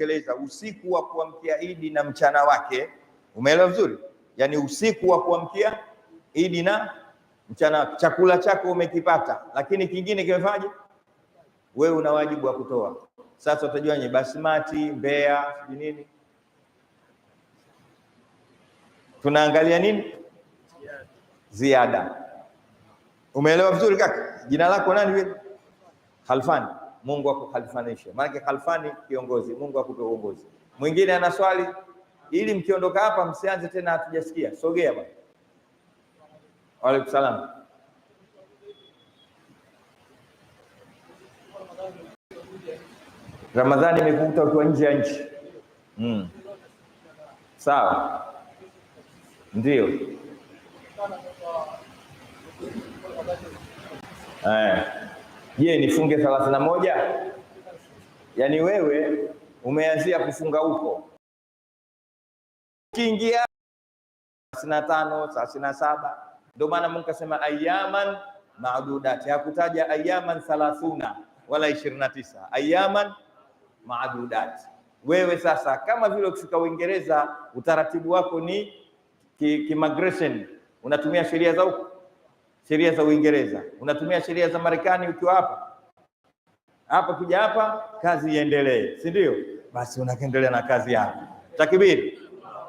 kutekeleza usiku wa kuamkia Idi na mchana wake. Umeelewa vizuri? Yaani usiku wa kuamkia Idi na mchana, wake chakula chako umekipata, lakini kingine kimefanyaje? Wewe una wajibu wa kutoa. Sasa utajua nye basimati mbea, sijui nini, tunaangalia nini ziada. Umeelewa vizuri kaka? Jina lako nani? Khalfani. Mungu akukhalifanishe, Maana khalifani kiongozi. Mungu akupe uongozi. Mwingine ana swali, ili mkiondoka hapa msianze tena hatujasikia. Sogea bwana. Waalaikum salaam. Ramadhani imekukuta ukiwa nje ya nchi mm. Sawa, ndio eh. Je, nifunge thelathini na moja? Yaani wewe umeanzia kufunga huko, ukiingia thelathini na tano thelathini na saba ndio maana Mungu kasema ayaman maadudati, hakutaja ayaman thalathuna wala ishirini na tisa ayaman maadudati. Wewe sasa kama vile ukifika Uingereza utaratibu wako ni ki, ki unatumia sheria za huko sheria za Uingereza, unatumia sheria za Marekani ukiwa hapa hapa, kuja hapa, kazi iendelee, si ndio? Basi unaendelea na kazi yako. Takbiri!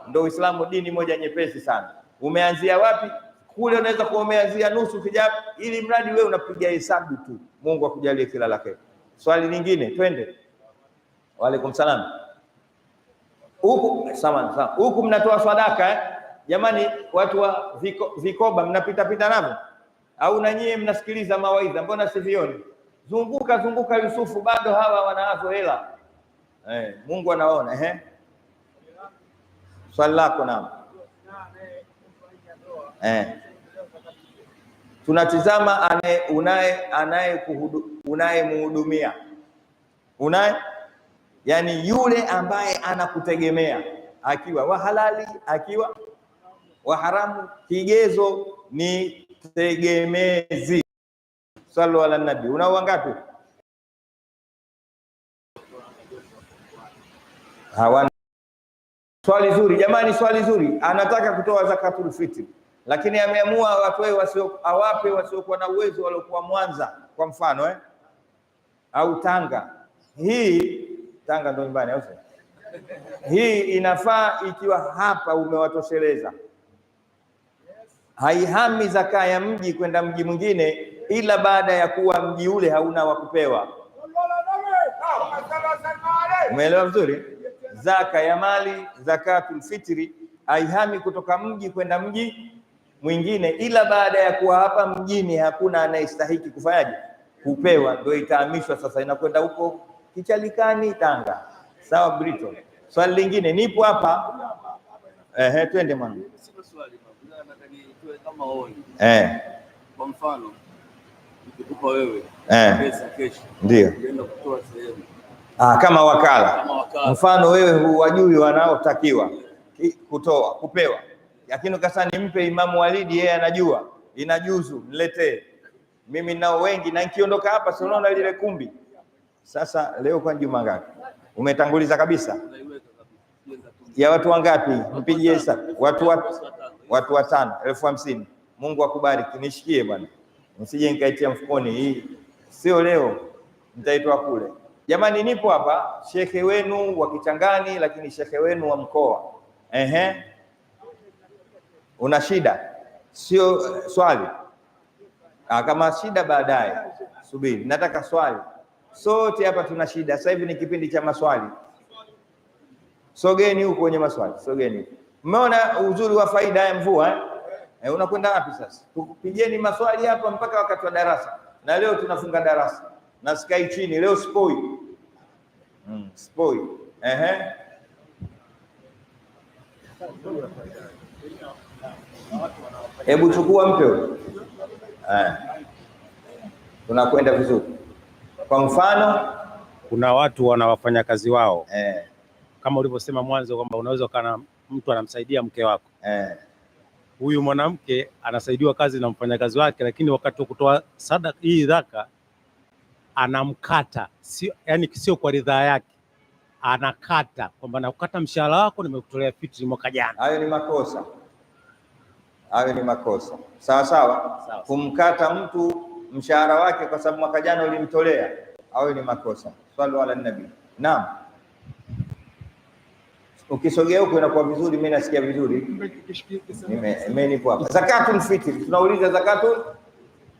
Ndio Uislamu, dini moja nyepesi sana. Umeanzia wapi? Kule unaweza kuwa umeanzia nusu, kija ili mradi wewe unapiga hesabu tu. Mungu akujalie kila la kheri. Swali lingine, twende. Waalaikum salam. Huku sawa sawa, huku mnatoa sadaka eh? Jamani, watu wa viko, vikoba mnapita pita navyo au na nyie mnasikiliza mawaidha, mbona sivioni? Zunguka zunguka Yusufu, bado hawa wanazo hela eh, Mungu anaona eh. Swali lako naam. Eh, tunatizama anaye unaye anaye unayemhudumia unaye, yani yule ambaye anakutegemea akiwa wa halali akiwa wa haramu, kigezo ni tegemezi. Sallu ala nabi. Una wangapi? Hawana swali zuri jamani, swali zuri. Anataka kutoa zakatul fitri, lakini ameamua watoe wasio, awape wasiokuwa na uwezo waliokuwa Mwanza kwa mfano eh? au Tanga. Hii Tanga ndo nyumbani au hii inafaa ikiwa hapa umewatosheleza haihami zaka ya mji kwenda mji mwingine ila baada ya kuwa mji ule hauna wa kupewa. Umeelewa vizuri? Zaka ya mali, zakatul fitri, haihami kutoka mji kwenda mji mwingine ila baada ya kuwa hapa mjini hakuna anayestahiki kufanyaje? Kupewa, ndio itahamishwa. Sasa inakwenda huko kichalikani Tanga. Sawa Brito, swali lingine. Nipo hapa, ehe, twende mwanangu kama own. Eh. Kwa mfano nikikupa wewe eh, pesa kesho ndio unaenda kutoa sehemu ah, kama wakala, Mfano wewe huwajui wanaotakiwa kutoa kupewa, lakini kasa nimpe Imamu Walidi, yeye anajua inajuzu, niletee mimi nao wengi, na nikiondoka hapa si unaona lile kumbi. Sasa leo kwa juma ngapi umetanguliza kabisa ya watu wangapi? Mpigie hesabu watu watu watu watano, elfu hamsini. Mungu akubariki, nishikie bwana, nisije nikaitia mfukoni. Hii sio leo, ntaitwa kule. Jamani, nipo hapa, shekhe wenu wa Kichangani, lakini shekhe wenu wa mkoa. Ehe, una shida? Sio swali ah, kama shida baadaye, subiri, nataka swali. Sote hapa tuna shida. Sasa hivi ni kipindi cha maswali. Sogeni huko kwenye maswali, sogeni huko. Mmeona uzuri wa faida ya mvua eh? eh unakwenda wapi sasa? Tukupigeni maswali hapa mpaka wakati wa darasa, na leo tunafunga darasa na sikai chini leo spoil. mm, spoil. ehe Hebu chukua mpe huyo. Eh. Tunakwenda vizuri. Kwa mfano, kuna watu wana wafanyakazi wao eh, kama ulivyosema mwanzo kwamba unaweza ukawa mtu anamsaidia mke wako eh. Huyu mwanamke anasaidiwa kazi na mfanyakazi wake, lakini wakati wa kutoa sadaka hii dhaka anamkata sio, yani sio kwa ridhaa yake, anakata kwamba nakukata mshahara wako, nimekutolea fitri mwaka jana. Hayo ni makosa, hayo ni makosa sawa sawa. Kumkata mtu mshahara wake kwa sababu mwaka jana ulimtolea, hayo ni makosa. Swali ala nabii. Naam. Ukisogea huko inakuwa vizuri, mimi nasikia vizuri. Mimi nipo hapa. Zakatul fitri tunauliza zakatu,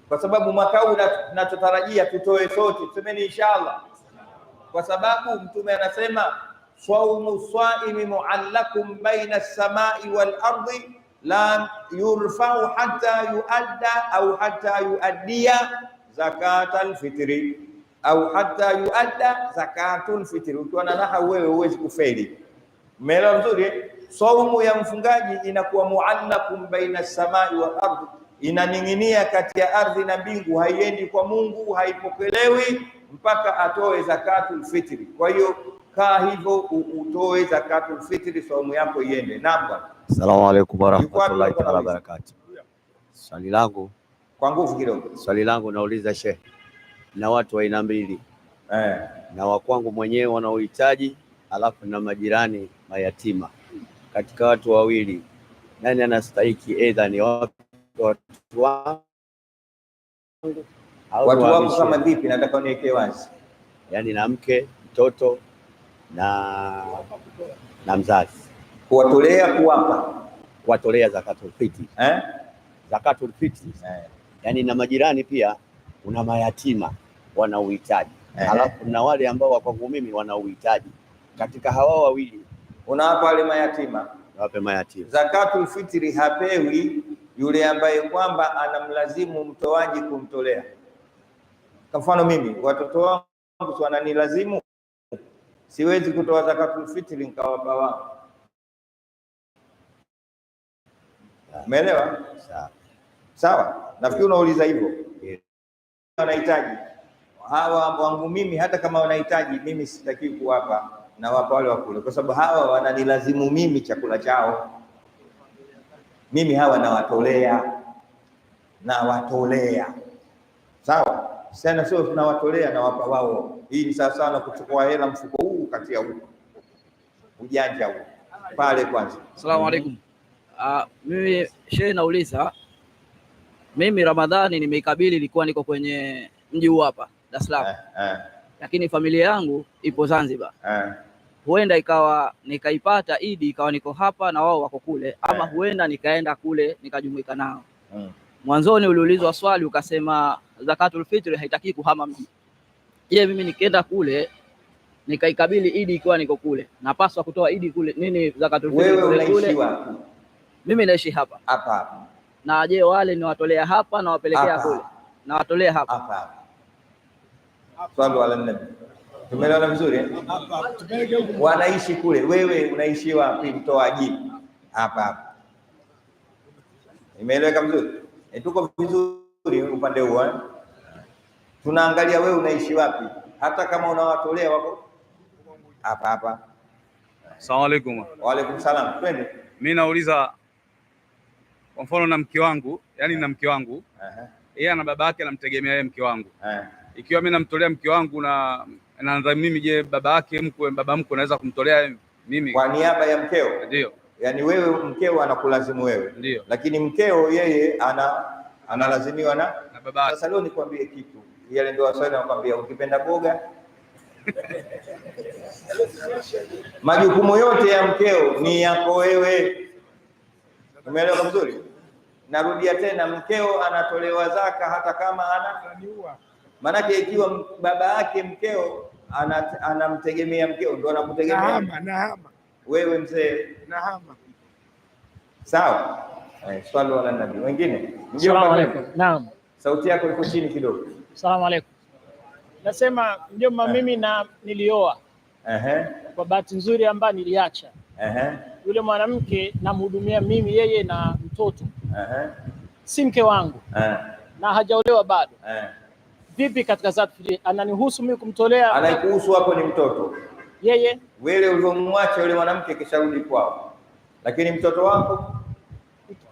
kwa sababu mwaka huu tunachotarajia tutoe sote, tusemeni inshallah, kwa sababu mtume anasema saumu swaimi muallakum baina samai wal ardi la yurfau hatta yuadda au hatta yuaddia zakatal fitri au hatta yuadda zakatul fitri. Ukiwa na raha wewe huwezi kufeli. Umeelewa vizuri? Eh? Saumu ya mfungaji inakuwa muallaqun baina samai wa ardhi, inaning'inia kati ya ardhi na mbingu, haiendi kwa Mungu, haipokelewi mpaka atoe zakatul fitri. Kwa hiyo kaa hivyo utoe zakatul fitri, saumu yako iende namba. Asalamu alaykum warahmatullahi taala wabarakatuh. Swali langu kwa nguvu kidogo, swali langu nauliza Sheikh, na watu wa aina mbili eh, na wakwangu mwenyewe wanaohitaji, alafu na majirani mayatima. Katika watu wawili nani anastahiki? Aidha ni watu wangu au watu wangu. Kama vipi? Nataka niweke wazi, yaani na mke, mtoto na na mzazi, kuwatolea kuwapa, kuwatolea zakatul fitri eh? zakatul fitri eh. Yaani na majirani pia, una mayatima wana uhitaji eh. Alafu na wale ambao kwa kwangu mimi wana uhitaji, katika hawa wawili unawapa wale mayatima, wape mayatima. Zakatul fitri hapewi yule ambaye kwamba anamlazimu mtoaji kumtolea. Kwa mfano mimi watoto wangu wananilazimu, siwezi kutoa zakatul fitri nikawapa wao. Umeelewa? Sawa. Sawa, nafikiri unauliza hivyo, yeah. Wanahitaji hawa wangu mimi, hata kama wanahitaji mimi sitaki kuwapa na wapa wale wakule, kwa sababu hawa wananilazimu mimi chakula chao, mimi hawa nawatolea, nawatolea. Sawa sana, sio tunawatolea, nawapa wao. Hii ni sawa sana kuchukua hela mfuko huu kati ya huu ujanja huu pale kwanza. Asalamu alaykum. Uh, ah, mimi shehe, nauliza mimi Ramadhani nimeikabili, ilikuwa niko kwenye mji huu hapa Dar es Salaam, eh, eh. Lakini familia yangu ipo Zanzibar eh huenda ikawa nikaipata Idi ikawa niko hapa na wao wako kule, ama eh. huenda nikaenda kule nikajumuika nao. Hmm. Mwanzoni uliulizwa swali ukasema zakatul fitri haitaki kuhama mji. Je, mimi nikienda kule nikaikabili Idi ikiwa niko kule napaswa kutoa Idi kule nini zakatul fitri kule? kule? Mimi naishi hapa hapa Na je, wale niwatolea hapa nawapelekea kule nawatolea hapa hapa. Swali wala nabii Tumeelewana vizuri, eh? wanaishi kule, wewe unaishi wapi? Mtoa jibu hapa hapa. Imeeleweka vizuri? E, tuko vizuri upande huo, eh? tunaangalia wewe unaishi wapi, hata kama unawatolea wako hapa hapa. Asalamu alaykum. Wa alaykum salam. Twende. Mimi nauliza kwa mfano na mke wangu, yani na mke wangu yeye, uh -huh. ana baba yake anamtegemea yeye mke wangu uh eh. -huh. ikiwa mimi namtolea mke wangu na na nadhani mimi, je, baba yake mkwe, baba mkwe anaweza kumtolea mimi kwa niaba ya mkeo? Ndio, yani wewe mkeo anakulazimu wewe, ndio, lakini mkeo yeye ana analazimiwa na na baba. Sasa leo nikwambie kitu, yale ndio waswahili wanakwambia, ukipenda boga majukumu yote ya mkeo ni yako wewe. Umeelewa vizuri? Narudia tena, mkeo anatolewa zaka hata kama ana, maanake ikiwa baba yake mkeo anamtegemea mkeo, ndo anakutegemea wewe mzee. Nahama sawa. Eh, swali wala nabii wengine. Mjomba alaikum. Naam, sauti yako iko chini kidogo. salamu alaykum. Nasema mjomba, eh. mimi na nilioa Ehe. Kwa bahati nzuri ambayo niliacha Ehe. Yule mwanamke namhudumia mimi yeye na mtoto Ehe. Si mke wangu Ehe. Na hajaolewa bado eh vipi katika zat Ananihusu mimi kumtolea? Anaikuhusu hapo ni mtoto yeye, wewe ulivyomwacha yule mwanamke rudi kwao, lakini mtoto wako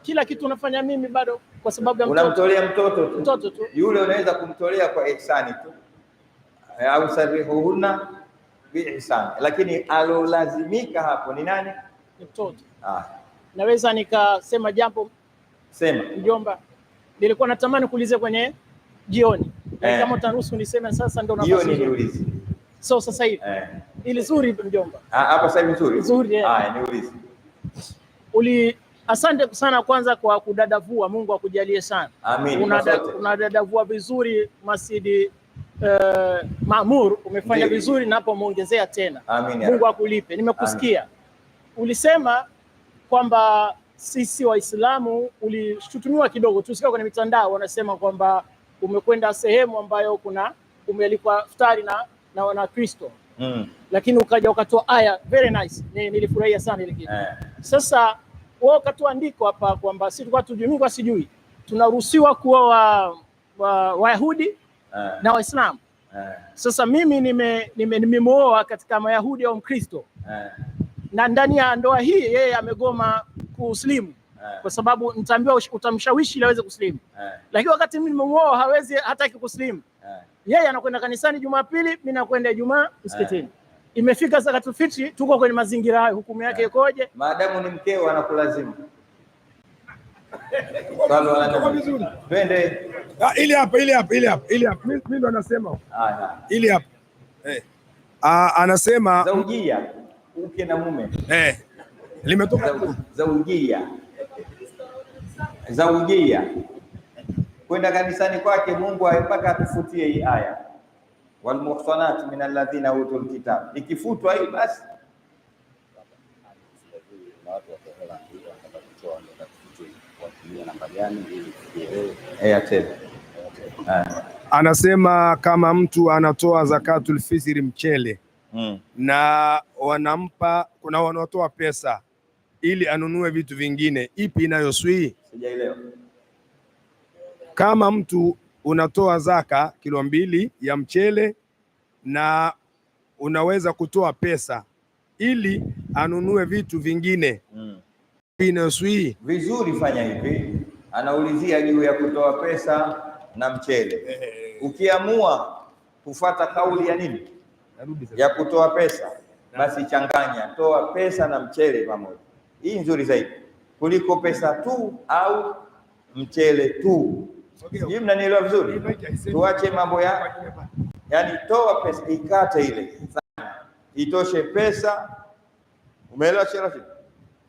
kila kitu unafanya mimi bado, kwa sababu ya mtoto. Unamtolea mtoto tu, mtoto tu yule, unaweza kumtolea kwa ihsani tu eh, au bi biihsani, lakini alolazimika hapo ni nani? Ni mtoto. Ah, naweza nikasema jambo. Sema mjomba, nilikuwa natamani kuuliza kwenye jioni eh, kama utaruhusu niseme sasa, ndio nafasi hiyo niulize. So sasa hivi eh, ili zuri mjomba ah, hapa sasa hivi nzuri nzuri, yeah. Eh. Niulize uli Asante sana kwanza kwa kudadavua. Mungu akujalie sana. Amin. Unadadavua una vizuri Masidi uh, eh, Mamur umefanya Ndiri. vizuri, na hapo umeongezea tena. Amin. Mungu akulipe. Nimekusikia ulisema kwamba sisi Waislamu ulishutumiwa kidogo tu, sikia kwenye mitandao wanasema kwamba umekwenda sehemu ambayo kuna umealikwa iftari na na Kristo mm. Lakini ukaja ukatoa aya very nice, nilifurahia sana ile kitu eh. Sasa wao ukatoa andiko hapa kwamba si tulikuwa tujui, mimi sijui tunaruhusiwa kuwa Wayahudi wa, eh. na Waislamu eh. Sasa mimi nime nime, nimemooa katika Mayahudi au Mkristo eh. na ndani ya ndoa hii yeye amegoma kuuslimu Eh. kwa sababu nitaambiwa utamshawishi ili aweze kusilimu yeah. Lakini wakati mimi nimemuoa hawezi, hataki kusilimu yeah. Yeye anakwenda kanisani Jumapili, mimi nakwenda Ijumaa msikitini yeah. Imefika zakatul fitri, tuko kwenye mazingira hayo, hukumu yake eh. ikoje? yeah. Maadamu ni mkeo anakulazimu Twende ah, ili hapa ili hapa ili hapa ili hapa, mimi ndo anasema ili hapa eh, anasema zaujia, uke na mume eh, limetoka zaujia zaujia kwenda kanisani kwake, Mungu mpaka atufutie hii aya walmuhsanat min alladhina utul kitab, ikifutwa hii basi eh, anasema kama mtu anatoa zakatul fitri mchele hmm, na wanampa kuna wanatoa pesa ili anunue vitu vingine, ipi inayoswii? Sijaelewa. Kama mtu unatoa zaka kilo mbili ya mchele na unaweza kutoa pesa ili anunue vitu vingine mm. Inoswi vizuri, fanya hivi. Anaulizia juu ya kutoa pesa na mchele. Ukiamua kufata kauli ya nini ya kutoa pesa, basi changanya, toa pesa na mchele pamoja. Hii nzuri zaidi kuliko pesa tu au mchele tu. Hii mnanielewa vizuri? Tuache mambo ya yani, toa pesa ikate ile sana, itoshe pesa. Umeelewa Sherafi?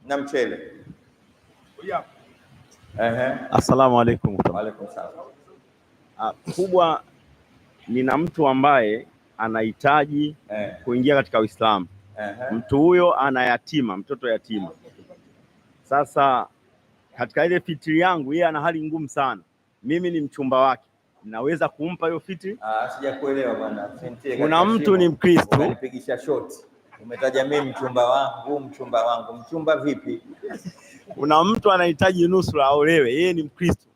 Na mchele. Ehe, assalamu alaikum. Waalaikum salaam. Ah, kubwa nina mtu ambaye anahitaji eh, kuingia katika Uislamu uh-huh. mtu huyo ana yatima, mtoto yatima sasa katika ile fitri yangu, yeye ana hali ngumu sana, mimi ni mchumba wake, naweza kumpa hiyo fitri? Ah, sijakuelewa bwana. Kuna mtu ni Mkristo unipigisha shoti, umetaja mimi mchumba wangu, mchumba wangu, mchumba vipi? Kuna mtu anahitaji nusura aolewe, yeye ni Mkristo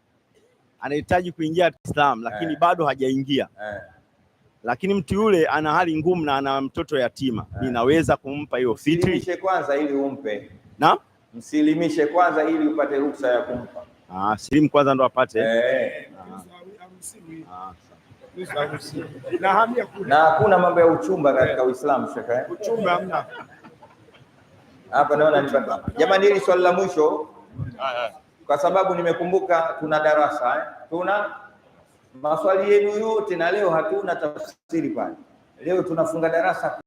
anahitaji kuingia Islam lakini eh, bado hajaingia eh, lakini mtu yule ana hali ngumu na ana mtoto yatima eh, ninaweza kumpa hiyo fitri kwanza ili umpe na msilimishe kwanza ili upate ruksa ya kumpa. Ah, silimu kwanza ndo apate eh. Ah. Na hakuna mambo ya uchumba katika Uislamu shaka. Eh? Uchumba hamna. Hapa naona nipata. Jamani, hili swali la mwisho kwa sababu nimekumbuka tuna darasa eh. Tuna maswali yenu yote na leo hatuna tafsiri pale. Leo tunafunga darasa,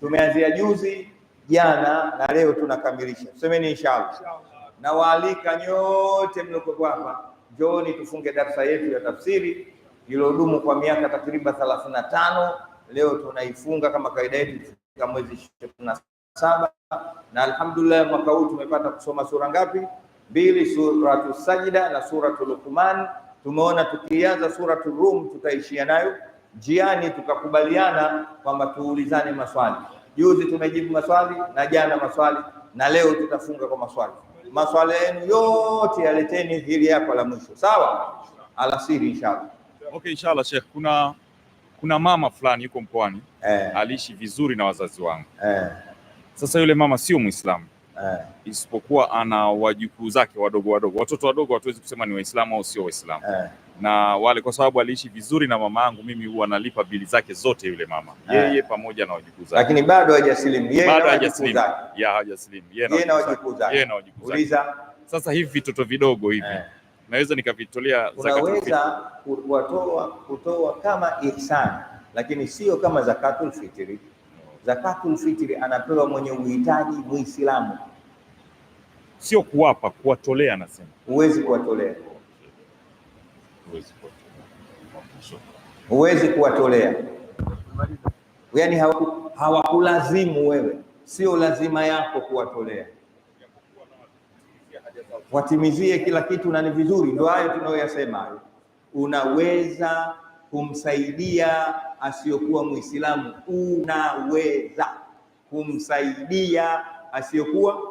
tumeanzia juzi jana na leo tunakamilisha, semeni inshallah. Nawaalika nyote mlioko hapa, njooni tufunge darsa yetu ya tafsiri iliyodumu kwa miaka takriban thelathini na tano. Leo tunaifunga kama kawaida yetu a mwezi ishirini na saba na alhamdulillah, mwaka huu tumepata kusoma sura ngapi? Mbili, suratu Sajida na suratu Luqman. Tumeona tukianza suratu Rum tutaishia nayo, njiani tukakubaliana kwamba tuulizane maswali Juzi tumejibu maswali na jana maswali na leo tutafunga kwa maswali. Maswali yenu yote yaleteni hili hapa la mwisho, sawa? Alasiri inshallah. Okay, inshallah Sheikh, kuna kuna mama fulani yuko mkoani eh, aliishi vizuri na wazazi wangu eh. Sasa yule mama sio Muislamu eh, isipokuwa ana wajukuu zake wadogo wadogo, watoto wadogo, hatuwezi kusema ni Waislamu au sio Waislamu eh na wale kwa sababu aliishi vizuri na mama yangu, mimi huwa nalipa bili zake zote yule mama, eh. yeye pamoja na wajukuu zake, lakini bado hajaslim yeye bado hajaslim ya hajaslim yeye na wajukuu zake, yeye na wajukuu zake. Uliza sasa hivi vitoto vidogo hivi eh. naweza nikavitolea zakatul unaweza kutoa kutoa kama ihsan, lakini sio kama zakatul fitri. Zakatul fitri anapewa mwenye uhitaji Muislamu, sio kuwapa, kuwatolea. Nasema huwezi kuwatolea huwezi kuwatolea, yaani hawakulazimu wewe, sio lazima yako kuwatolea, watimizie kila kitu, na ni vizuri. Ndio hayo tunayoyasema hayo, unaweza kumsaidia asiyokuwa Muislamu, unaweza kumsaidia asiyokuwa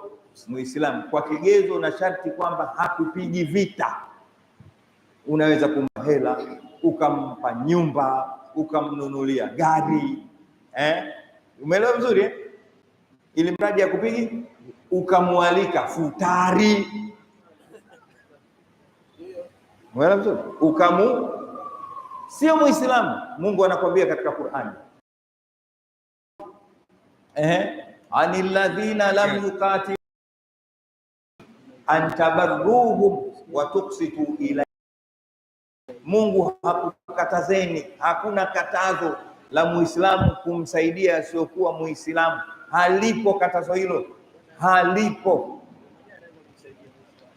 Muislamu kwa kigezo na sharti kwamba hakupigi vita Unaweza kumpa hela, ukampa nyumba, ukamnunulia gari eh? Umeelewa vizuri eh? Ili mradi ya kupigi ukamwalika futari, umeelewa vizuri ukamu, sio Muislamu. Mungu anakwambia katika Qur'ani eh? anil ladhina lam yuqati antabarruhum wa ila Mungu hakukatazeni, hakuna katazo la Muislamu kumsaidia asiyokuwa Muislamu. Halipo katazo hilo, halipo.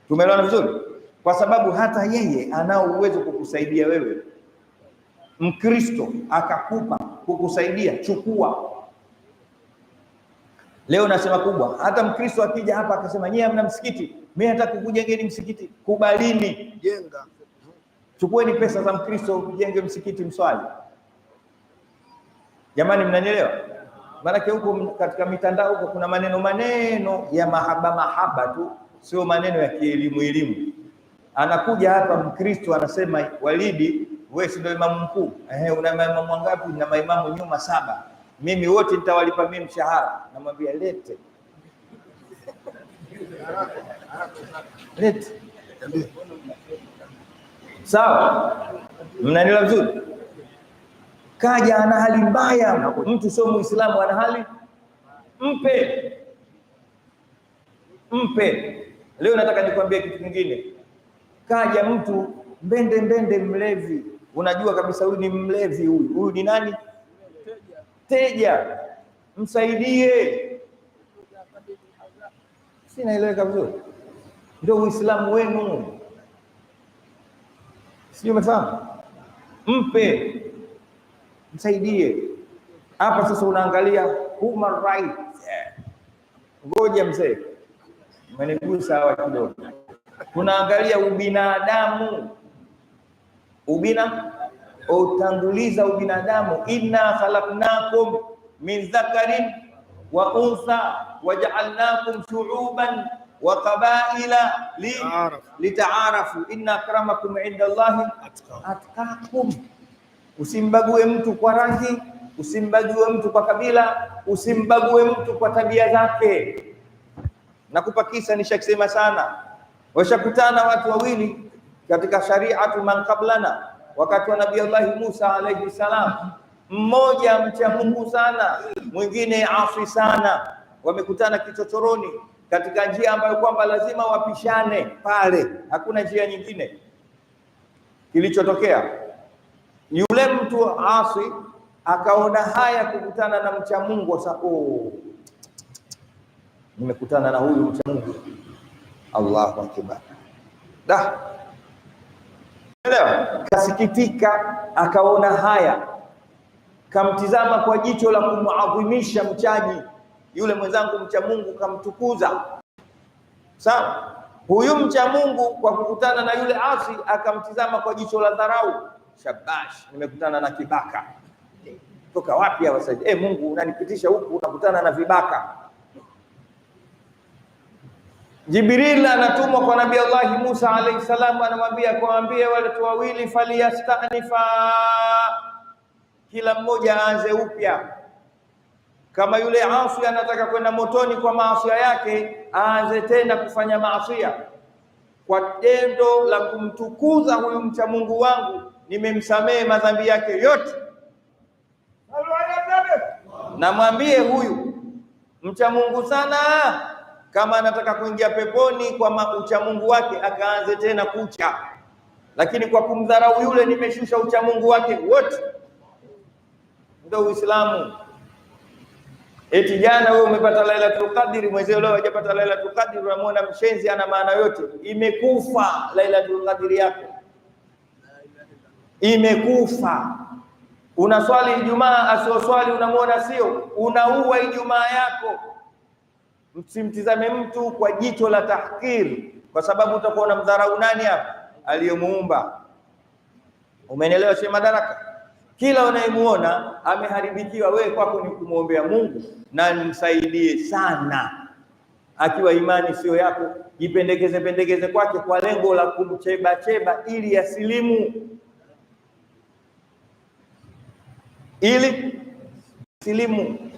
Tumeelewana vizuri? Kwa sababu hata yeye anao uwezo kukusaidia wewe. Mkristo akakupa kukusaidia, chukua. Leo nasema kubwa, hata Mkristo akija hapa akasema, nyie hamna msikiti, mimi nataka kukujengeni msikiti, kubalini, jenga Chukueni pesa za Mkristo ujenge msikiti mswali. Jamani, mnanielewa? Maanake huko katika mitandao huko kuna maneno maneno ya mahaba mahaba tu, sio maneno ya kielimu elimu. Anakuja hapa Mkristo anasema, Walidi wewe si ndio imamu mkuu? Ehe, una maimamu wangapi? Na maimamu nyuma saba. Mimi wote nitawalipa mimi mshahara. Namwambia lete lete Sawa, mnaendelea vizuri. Kaja ana hali mbaya, mtu sio muislamu, ana hali mpe, mpe. Leo nataka nikwambie kitu kingine. Kaja mtu mbende mbende, mlevi, unajua kabisa huyu ni mlevi. Huyu huyu ni nani? Teja, msaidie. Sinaeleweka vizuri? Ndio uislamu wenu. Sijui umefahamu? Mpe, msaidie. Hapa sasa unaangalia human rights. Ngoja mzee, umenigusa hawa kidogo. Tunaangalia ubinadamu, ubina utanguliza ubinadamu. Inna khalaqnakum min dhakarin wa untha waja'alnakum shu'uban wa qabaila litaarafu inna akramakum inda Allahi atqakum. Usimbague mtu kwa rangi, usimbague mtu kwa kabila, usimbague mtu kwa tabia zake. Nakupa kisa, nishakisema sana. Washakutana watu wawili katika shariatu man qablana, wakati wa Nabii Allah Musa alayhi salam, mmoja mcha Mungu sana, mwingine afi sana, wamekutana kichochoroni katika njia ambayo kwamba lazima wapishane pale, hakuna njia nyingine. Kilichotokea yule mtu asi akaona haya kukutana na mcha Mungu, sasa oh, nimekutana na huyu mcha Mungu. Allahu akbar, da elewa, kasikitika, akaona haya, kamtizama kwa jicho la kumuadhimisha mchaji yule mwenzangu mcha Mungu kamtukuza. Sawa, huyu mcha Mungu kwa kukutana na yule asi akamtizama kwa jicho la dharau. Shabash, nimekutana na kibaka. Toka wapi hapa sasa? Eh, Mungu unanipitisha huku unakutana na vibaka. Jibril anatumwa kwa Nabii Allah Musa alayhi salam, anamwambia kwaambie watu wawili faliyastanifa, kila mmoja aanze upya kama yule asi anataka kwenda motoni kwa maasia yake, aanze tena kufanya maasia kwa tendo la kumtukuza huyu mcha Mungu wangu, nimemsamehe madhambi yake yote. Namwambie huyu mcha Mungu sana, kama anataka kuingia peponi kwa ucha Mungu wake, akaanze tena kucha, lakini kwa kumdharau yule, nimeshusha ucha Mungu wake wote. Ndio Uislamu. Eti jana wewe umepata Lailatul Qadri, mwezi leo hajapata Lailatul Qadri, unamwona mshenzi ana maana yote. Imekufa Lailatul Qadri yako, imekufa. Unaswali Ijumaa, asioswali unamwona sio, unaua Ijumaa yako. Msimtizame mtu kwa jicho la tahkiri, kwa sababu utakuwa unamdharau nani hapa aliyemuumba. Umeelewa, Sheikh Madaraka? Kila unayemuona ameharibikiwa, wewe kwako ni kumwombea Mungu na nimsaidie sana. Akiwa imani siyo yako, jipendekeze pendekeze kwake kwa lengo la kumcheba cheba ili yasilimu, ili silimu,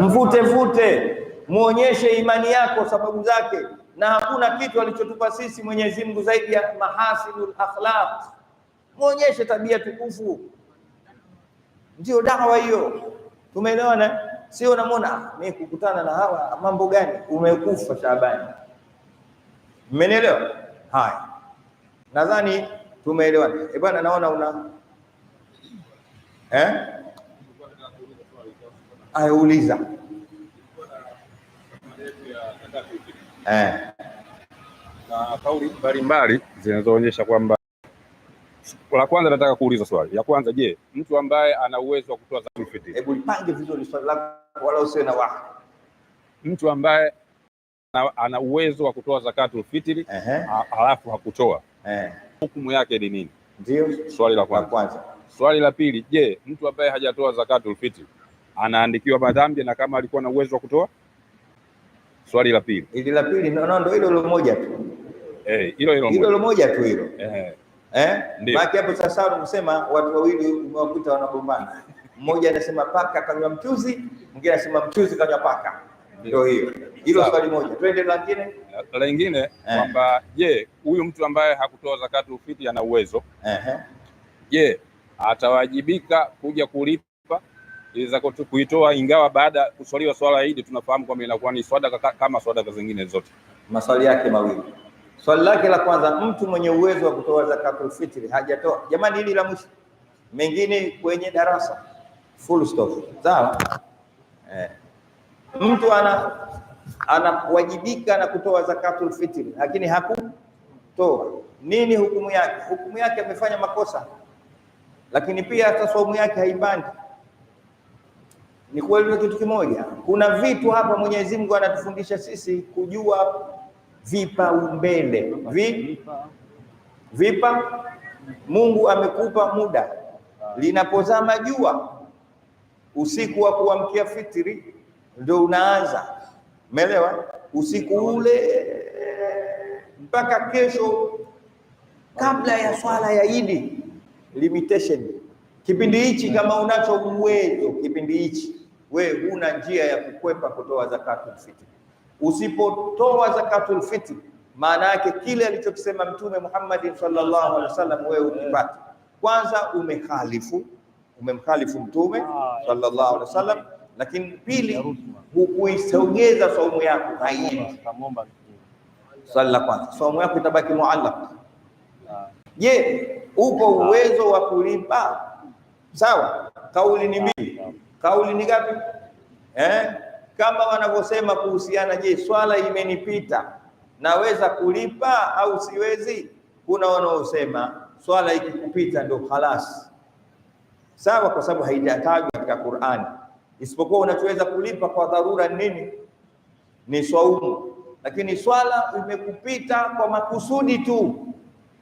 mvute vute, muonyeshe imani yako, sababu zake, na hakuna kitu alichotupa sisi Mwenyezi Mungu zaidi ya mahasinul akhlaq muonyeshe tabia tukufu, ndio dawa hiyo. Tumeelewana sio? Unamwona ah, mimi kukutana na hawa mambo gani? Umekufa Shabani, mmenielewa? Haya, nadhani tumeelewana. Eh bwana, naona una eh? Aya, uliza eh. Na kauli mbalimbali zinazoonyesha kwamba la kwanza nataka kuuliza swali ya kwanza, je, mtu ambaye ana uwezo wa kutoa zakatu fitri, hebu lipange vizuri swali lako, wala usiwe na waha. Mtu ambaye ana uwezo wa kutoa zakatu fitri halafu hakutoa, hukumu yake ni nini? Ndio swali la kwanza. La kwanza. Swali la pili, je, mtu ambaye hajatoa zakatu fitri anaandikiwa madhambi na kama alikuwa na uwezo wa kutoa? Swali la pili, ili la pili, no, no, ndio hilo hilo moja tu, eh, hilo hilo moja tu hilo eh Eh? Maana hapo sasa unasema watu wawili umewakuta wanagombana. Mmoja anasema paka kanywa mchuzi, mwingine anasema mchuzi kanywa paka. Ndio hiyo. Hilo swali moja. Twende lingine. lingine eh. kwamba je, huyu mtu ambaye hakutoa zakatu ufiti ana uwezo? Je, atawajibika kuja kulipa iza kuitoa ingawa baada kuswaliwa swala hili tunafahamu kwamba inakuwa ni swadaka kama swadaka zingine zote. Maswali yake mawili. Swali lake la kwanza, mtu mwenye uwezo wa kutoa zakatul fitri hajatoa. Jamani, hili la mwisho, mengine kwenye darasa full stop. Sawa eh. Mtu ana anawajibika na kutoa zakatul fitri lakini hakutoa, nini hukumu yake? Hukumu yake amefanya makosa, lakini pia hata saumu yake haibandi. Ni kweli kitu kimoja, kuna vitu hapa Mwenyezi Mungu anatufundisha sisi kujua vipaumbele vi vipa. Mungu amekupa muda, linapozama jua usiku wa kuamkia fitri ndio unaanza, umeelewa? Usiku ule mpaka kesho kabla ya swala ya Idi, limitation kipindi hichi. Kama unacho uwezo kipindi hichi, we huna njia ya kukwepa kutoa zakatu fitri. Usipotoa zakatul fitr, maana yake kile alichokisema Mtume Muhammad sallallahu alaihi wasallam, wewe ukipata kwanza, umehalifu umemkhalifu Mtume sallallahu alaihi wasallam, lakini pili, hukuisogeza saumu yako, haiendi sala kwanza, saumu yako itabaki muallaq. Je, uko uwezo wa kulipa? Sawa, kauli ni mbili. Kauli ni ngapi? eh kama wanavyosema kuhusiana, je, swala imenipita naweza kulipa au siwezi? Kuna wanaosema swala ikikupita ndio khalas, sawa, kwa sababu haijatajwa katika Qur'ani, isipokuwa unachoweza kulipa kwa dharura nini? Ni swaumu. Lakini swala imekupita kwa makusudi tu,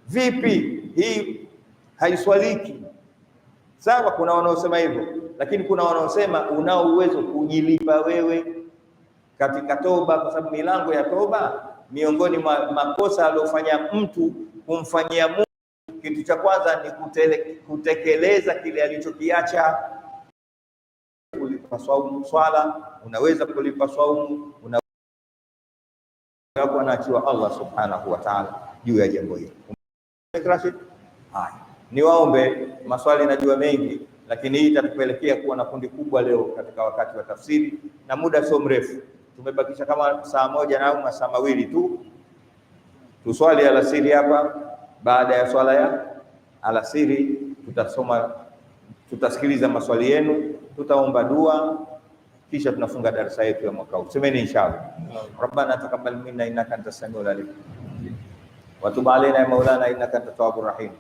vipi? Hii haiswaliki, sawa. Kuna wanaosema hivyo lakini kuna wanaosema unao uwezo kujilipa wewe katika toba, kwa sababu milango ya toba, miongoni mwa makosa aliyofanya mtu kumfanyia Mungu, kitu cha kwanza ni kutele, kutekeleza kile alichokiacha. Kulipa swaumu swala, unaweza kulipa swaumu, una anaachiwa Allah subhanahu wa ta'ala juu ya jambo hili. Haya, niwaombe maswali, najua mengi lakini hii itatupelekea kuwa na kundi kubwa leo katika wakati wa tafsiri, na muda sio mrefu, tumebakisha kama saa moja na masaa mawili tu. Tuswali alasiri hapa, baada ya swala ya alasiri tutasoma, tutasikiliza maswali yenu, tutaomba dua, kisha tunafunga darasa yetu ya mwaka huu. Semeni inshallah, rabbana taqabbal minna innaka antas samiul alim wa tub alaina ya maulana innaka antat tawwabur rahim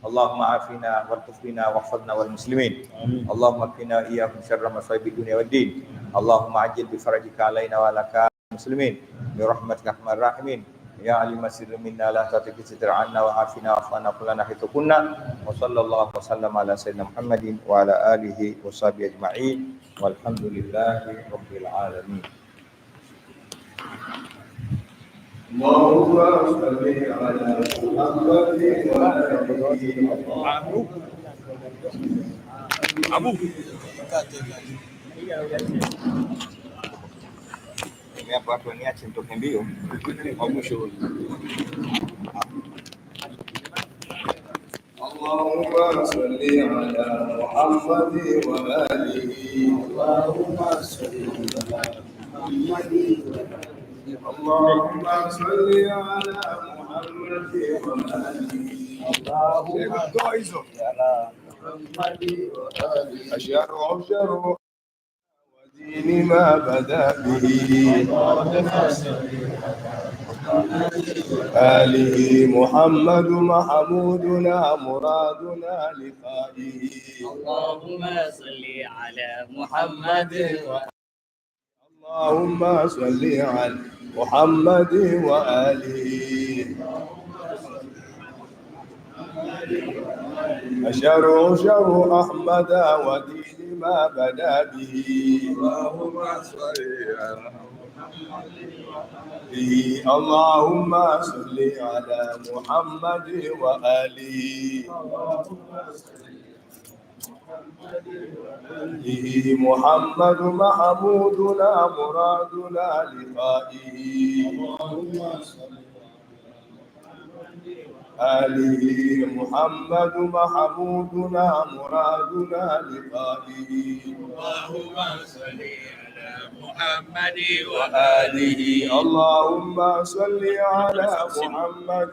اللهم عافنا وارزقنا واحفظنا والمسلمين اللهم اكفنا اياهم شر مصائب الدنيا والدين اللهم عجل بفرجك علينا وعلى المسلمين برحمتك ارحم الراحمين يا علم السر منا لا تترك ستر عنا وعافنا واعف عنا كلنا حيث كنا وصلى الله وسلم على سيدنا محمد وعلى اله وصحبه اجمعين والحمد لله رب العالمين اللهم صل hapo watu waniache mbio kwa mwisho. Allahumma salli ala Muhammad wa alihi. Allahumma salli ala Muhammad wa alihi. اللهم صل على محمد وآله اللهم صل أشهر عشر ودين ما بدا به آله محمد محمودنا مرادنا لقائه اللهم صل على محمد اللهم صل على محمد وآله أشر شر أحمد ودين ما بدا به اللهم صل على اللهم صل على محمد وآله به محمد محمودنا مرادنا لقائه آله محمد محمودنا مرادنا لقائه اللهم صل على محمد وآله اللهم صل على محمد